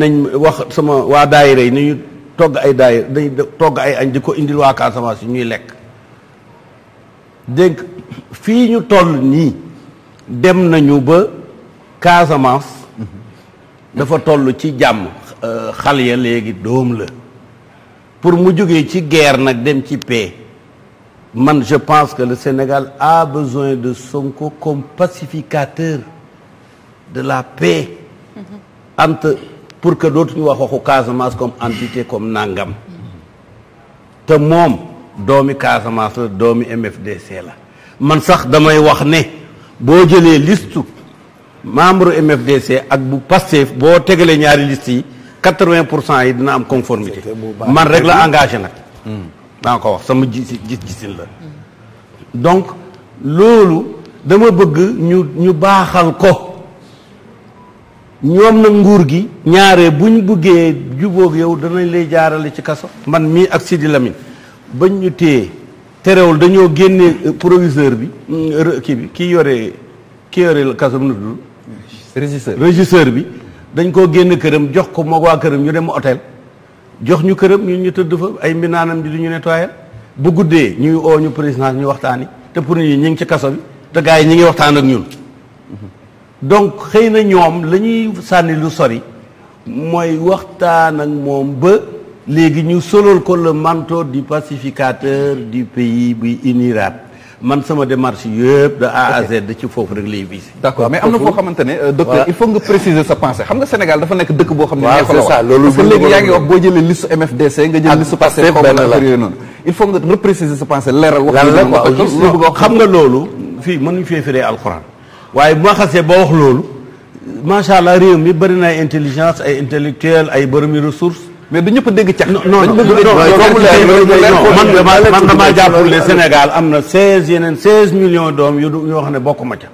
nañ wax sama waa daayira yi ni togg ay daayira dañ togg ay añ di ko indil Casamance yi ñuy lekk dégg fii ñu toll nii dem nañu ba Casamance dafa toll ci jàmm euh, xal ya léegi doom la pour mu jógee ci guerre nag dem ci paix man je pense que le Sénégal a besoin de Sonko comme pacificateur de la paix mm-hmm. pour que dootuñu wax waxu Casamance comme entité comme nangam te moom doomi Casamance la doomi MFDC la man sax damay wax ne boo jëlee liste membre MFDC ak bu Pastef boo tegalee ñaari liste yi quatre-vingt pour cent yi dina am conformité man rek la engagé nag danga hmm. ko wax sama ji gisin la donc loolu dama bëgg ñu ñu baaxal ko ñoom nag nguur gi ñaare buñ buggee jubook yow danañ lay jaarale ci kaso man mii ak Sidi Lamine bañ ñu téye terewul dañoo génne euh, proviseur bi mm, kii bi kii yore ki yore kaso bi nu dul régisseur régisseur bi dañ koo génn këram jox ko moog waa këram ñu dem hôtel jox ñu këram ñu ñu tëdd fa ay mbinaanam bi di ñu nettoyé bu guddee ñuy oo ñu présidence ñu waxtaani te pour ñu ñi ngi ci kaso bi te yi ñi ngi waxtaan ak ñun mhm. donc xëy na ñoom la ñuy sànni lu sori mooy waxtaan ak moom ba léegi ñu solool ko le manteau du pacificateur du pays bi uniraat man sama démarche yëpp de A à Z da ci foofu rek lay visé. d' accord mais am na foo xamante ne. Euh, docteur il faut nga préciser sa pensée xam nga Sénégal dafa nekk dëkk boo xam ne. waaw c' est ça loolu parce que léegi yaa ngi wax boo jëlee liste MFDC nga jël ah, liste Pastef benn la noonu. il faut nga repréciser sa pensée leeral. wax dëgg yàlla wax dëgg waaye bu ma xasee ba wax loolu macha allah réew mi bëri na ay intelligence ay intellectuel ay boromi ressources. mais du ñëpp dégg cax. non non non man damaa jàppul lee Sénégal am na seize yeneen seize millions doom yu ñoo xam ne ma ca.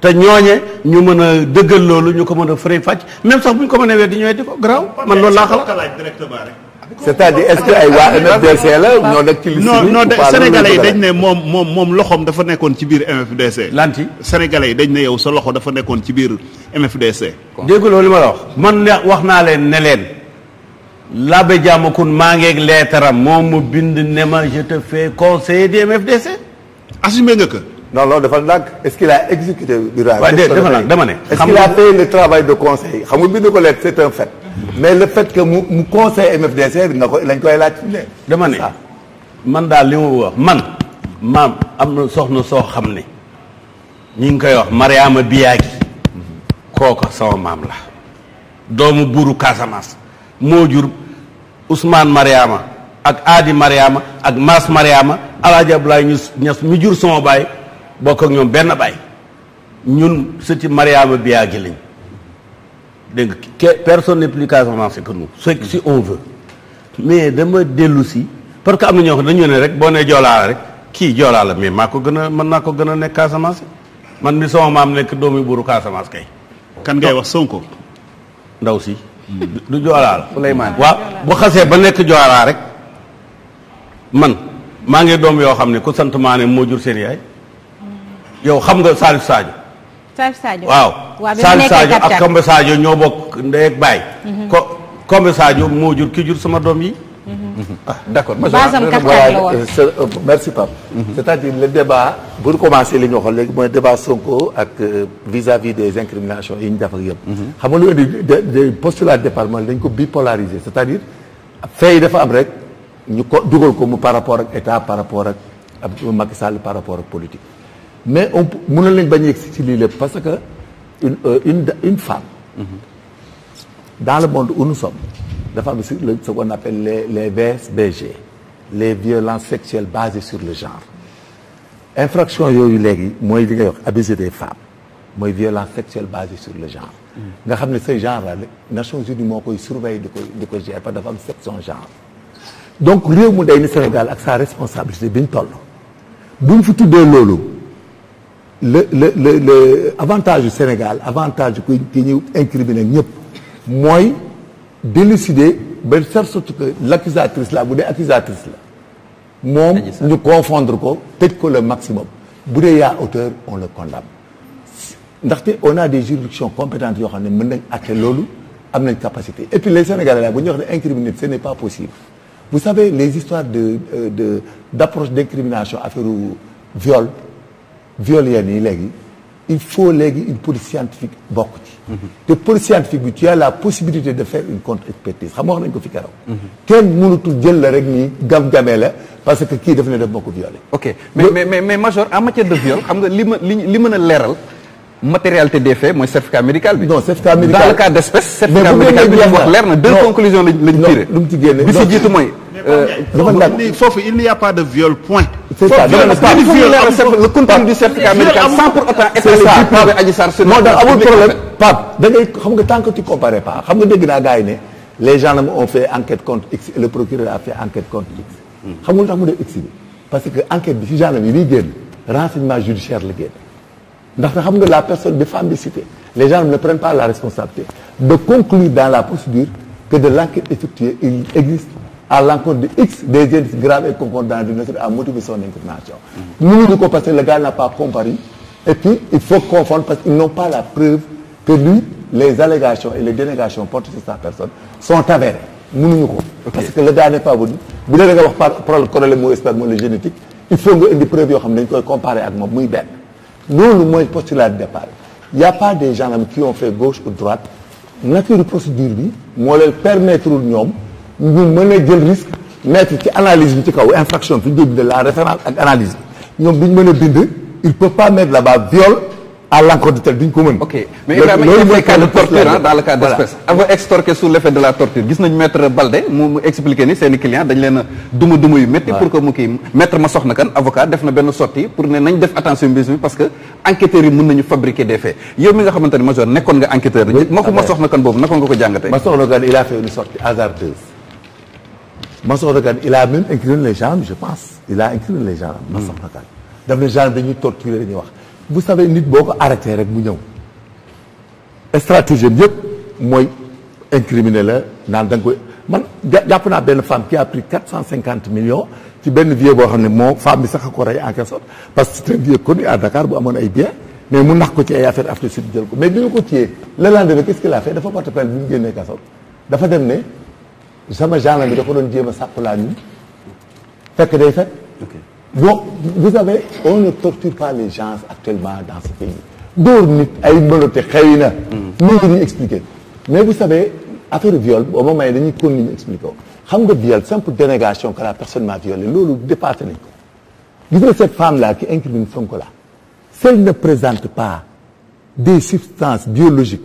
te ñooñe ñu mën a dëggal loolu ñu ko mën a fëri fàcc même sax bu ñu ko mënee weddi ñooy di ko garaaw man loolu laa xalaat. c'est-à-dire est-ce que ay waa la ñoo nekk ci liste bi non non sénégalais yi dañ ne moom moom moom loxoom dafa nekkoon ci biir MFDC. lanti sénégalais yi dañ ne yow sa loxo dafa nekkoon ci biir MFDC. dégguloo li ma la wax man wax naa leen ne leen l'abbé Diamakhoune maa ngeeg leetaram moom mu bind ne ma je te fais conseiller du MFDC. assumé nga ko. non non dafa ndànk est-ce qu'il a exécuté. waaw déedéet ne est-ce qu'il a fait le travail de conseil xam nga bind ko lettre c'est un fait. mais le fait que mu mu conseil MFDC nga ko lañ koy laaj. dama ne man daal li ma wax man. maam am na soxna soo xam ne ñu ngi koy wax Mariama Biyaagi kooka sama maam la doomu buuru Casamance moo jur Ousmane Mariama ak Aadi Mariama ak Maas Mariama Alaaji Abdoulaye Ñas mi jur sama baay bokk ak ñoom benn baay ñun sëti Mariama Biyaagi lañ dégg nga personne n'est plus Casamance que nous ce si on veut mais dama dellu si parce que am na ñoo xam dañu ne rek boo nee Joolaa la rek kii Joolaa la mais maa ko gën a mën naa ko gën a nekk Casamance man mi ma am nekk doom doomi buuru Casamance kay. kan ngay wax Sonko. ndaw si. Hmm. du Joolaa la. Souleymane waaw bu xasee ba nekk Joolaa rek man maa ngi doom yoo xam ne ku sant maa moo jur seen yaay hmm. yow xam nga Salif Sadio. Salif Sadio waaw. waaw bi Salif ak Kombe ñoo bokk ndey ak baay. Mhm. ko Kombe Sadio moo jur ki jur sama doom yi. Mhm. ah d'accord basam kattan la woon euh, euh, merci Pape. Mhm. c'est-à-dire le débat. bu ñu commencé li léegi mooy débat Sonko ak euh, vis-à-vis des incriminations yi ñu def ak yëpp. xam nga lu indi des postulats de départ dañ ko bipolariser c'est-à-dire fee yi dafa am rek ñu ko dugal ko mu par rapport ak état par rapport ak Macky Sall par rapport ak politique. mais on mënoon nañ bañ a yegsi ci lii lépp parce que une euh, une une femme. Mm-hmm. dans le monde où nous dafa am si ce qu'on appelle les les VSBG les violences sexuelles sur le genre infraction yooyu léegi mooy li nga wax abuser des femmes mooy violence sexuelle basée sur le genre. Mm-hmm. nga xam ne se genre là Nations Unies moo koy surveiller di ko di ko gérer parce que dafa am section genre. donc réew mu day ni Sénégal ak sa responsabilité bi ñu toll bu fi tuddee loolu. le le le le avantage du Sénégal avantage ku ki ñu incriminé ñëpp mooy délucider ba faire sorte que l'accusatrice la bu dee accusatrice la moom ñu confondre ko tëj ko le maximum bu dee yaa auteur on le condamne ndaxte on a des juridictions compétentes yoo xam ne mën nañ atte loolu am nañ capacité et puis les Sénégalais la bu ñu wax ne incriminé ce n'est pas possible vous savez les histoires de euh, de d'approche d'incrimination affaire viol violents yi léegi il faut léegi une police scientifique bokk ci te police scientifique bi tu as la possibilité de faire une contre-expertise xam nga wax nañ ko fi keroog kenn mënatul jël la rek nii gam-gamee la parce que kii daf ne def moo ko violé ok mais mais mais major en matière de viol xam nga li ma li li mën a leeral matérialité des faits mooy certificat médical bi. non certificat médical dans le cas d' espèce. certificat médical bi wax leer na deux conclusions lañ lañ tiré. non lu mu ci génne bi si jiitu mooy. Euh, dafa nag foofu il n'y a pas de viol point. c'est ça le contenu du certificat médical sans pour autant être le Adji Sarr non da amul problème Pape da ngay xam nga tant que tu comparais pas xam nga dégg naa gars yi ne les gendarmes ont fait enquête contre X et le procureur a fait enquête contre X. xam nga lu tax mu def X bi parce que enquête bi si gendarme yi liy génn renseignement judiciaire la génn. ndax nga xam nga la personne des femmes bi citées les gens ne prennent pas la responsabilité de conclure dans la procédure que de l'enquête effectuée il existe à l'encontre de X des indices graves et concordants de nature à motiver son incrimination mënuñu ko parce que le gars n'a pas comparé et puis il faut confondre parce qu'ils n'ont pas la preuve que lui les allégations et les dénégations portées sur sa personne sont avérées mënuñu ko parce xam ne koy comparer moom muy benn loolu mooy postulat de départ il y a pas des gendarmes qui ont fait gauche ou droite nature procédure bi moo leen permettre ñoom ñu mën a jël risque mettre ci analyse bi ci kaw infraction fi ñu la référence ak analyse bi ñoom duñ mën a bind il peut pas mettre là-bas viol à l'encontre de tel duñ ko mën. ok mais Ibrahima il a des cas de torture ah dans le cas d'espèce. extorqué sous l'effet de la torture gis nañu maître Balde mu mu expliqué ni seen i dañ leen a duma duma yu métti. pour que mu kii maître ma soxna kan avocat def na benn sortie pour ne nañ def attention mbir mi parce que enquêteurs yi mën nañu fabriquer des faits yow mi ma soxna kan boobu naka nga ko jàngatee. ma soxna kan il a fait une sortie hasardeuse. ma soxna a même incliné les gendarmes je pense il a incliné les gendarmes. Hmm. wax vous savez nit boo ko arrêté rek mu ñëw stratégie yëpp mooy incriminé la naan da nga koy man jàpp naa benn femme qui a pris cent cinquante millions ci benn vieux boo xam ne moo femme bi sax a ko rey en quelque parce que c'est un vieux connu à Dakar bu amoon ay biens mais mu nax ko ci ay affaire Afrique Sud jël ko mais bi ñu ko téyee le lendemain qu'est-ce qu'il a fait mu dem ne sama genre bi da ko doon jéem a sàkku laa ñu fekk day fekk bon vous savez on ne torture pas les gens actuellement dans ce pays dóor nit ay mbooloote xëy na. Mm. mën nga mais vous savez affaire viol au moment yi dañuy continuer expliquer ko xam nga viol simple dénégation que la personne m'a violé loolu dépassé nañ ko. gis nga cette femme là qui incrimine Sonko là si elle ne présente pas des substances biologiques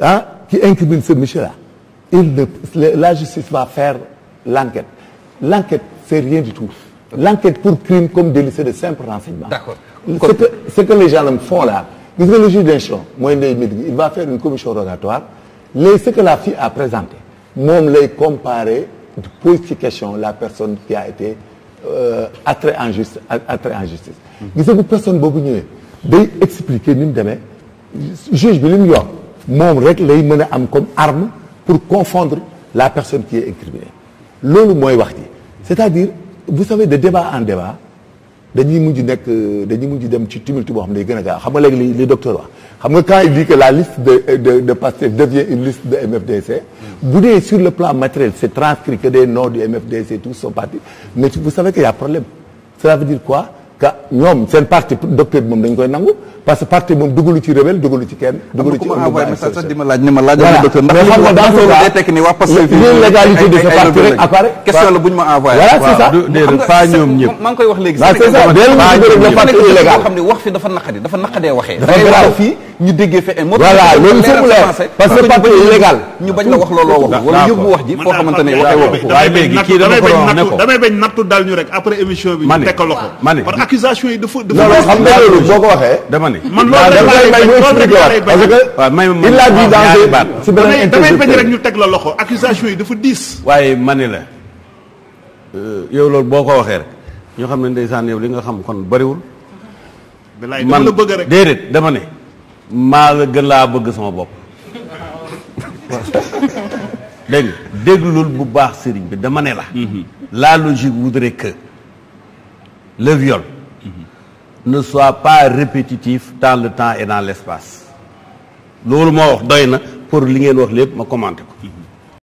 ah qui incriminent ce monsieur là il ne la justice va faire l'enquête l'enquête c'est rien du tout. l'enquête pour crime comme délit c'est de simples renseignements. D'accord. Ce que ce que les font là gis nga le juge d'instruction mooy Ndeye Mbodj il va faire une commission rogatoire léegi ce que la fille a présenté moom lay comparer pose ci question la personne qui a été euh, attrait en justice attrait en justice. personne boobu ñëwee day expliquer ni mu demee juge bi li mu yor moom rek lay mën a am comme arme pour confondre la personne qui est incriminée loolu mooy wax ji c'est-à-dire. vous savez de débat en débat dañuy mujj nekk dañuy mujj dem ci tumulte boo xam ne day gën xam nga léegi li li docteur wax xam nga quand il dit que la liste de de devient une liste de MFDC. bu dee sur le plan matériel c'est transcrit que des noms du MFDC tous sont partis mais vous savez que y a problème cela veut dire quoi. ka ñoom seen parti docteur bi moom dañ koy nangu parce que parti moom dugalu ci rebelle dugalu ci kenn. dugalu ci am na sax di ma laaj ne ma laaj. voilà docteur ndax l'illégalité de ce parti rek apparaît. question la bu ma envoyé. voilà c'est ça déedéet ñoom ñëpp. maa koy wax léegi. c'est ça déedéet wax fi dafa naqadi dafa naqadee waxee. dafa grave fii ñu déggee loolu c'est clair parce que papier illégal ñu bañ la wax looloo wax wala wax ji foo xamante ne waxee wax waaye léegi kii dama ko wax ne ko damay bañ nattu dal ñu rek après émission bi ñu teg ko loxo ma ne par accusation yi dafa dafa boo ko waxee dama man loolu rek lay bañ parce que il a dit dans si beneen ñu teg la loxo accusation yi dafa diis waaye ma la euh, yow loolu boo ko waxee rek ñoo xam ne ndeysaan yow li nga xam kon bariwul man la bëgg rek déedéet dama ne maa la gën laa bëgg sama bopp dégg déglul bu baax sëriñ bi dama ne la mhm. la logique voudrait que le viol ne soit pas répétitif dans le temps et dans l'espace loolu moo wax doy na pour li ngeen wax lépp ma commenté ko mhm.